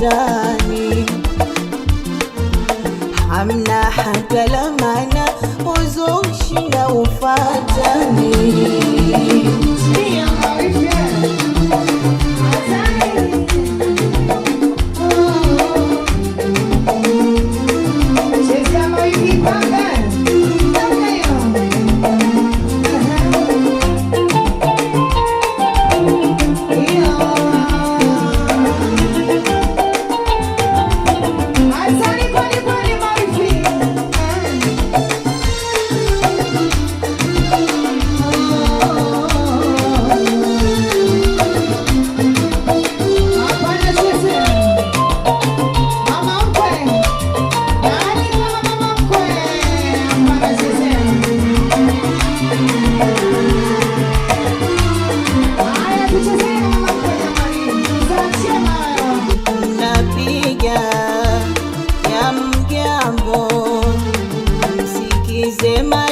utani, hamna hata lamana uzushi na ufatani tema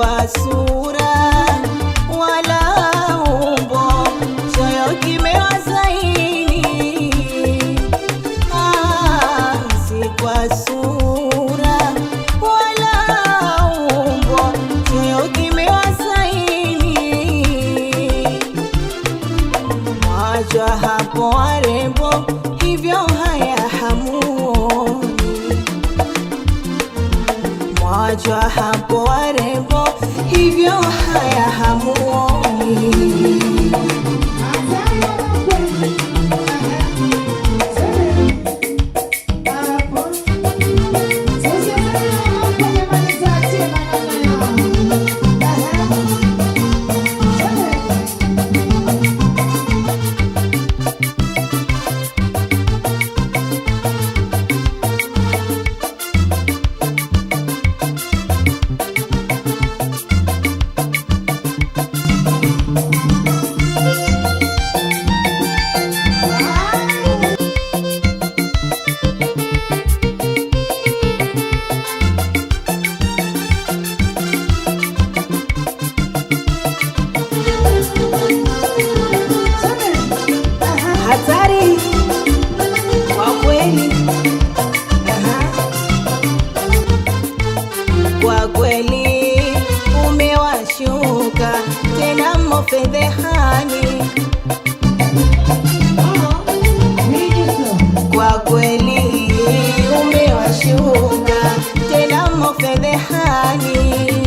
Iguaçu kwa kweli umewashuka tena mofedhehani kwa kweli umewashuka tena mofedhehani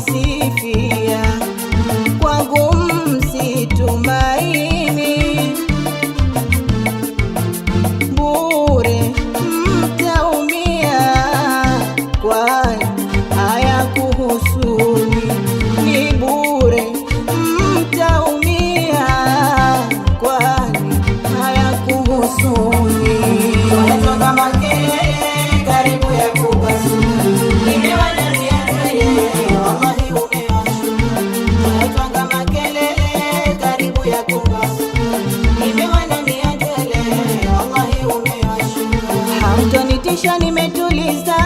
see kichwa nimetuliza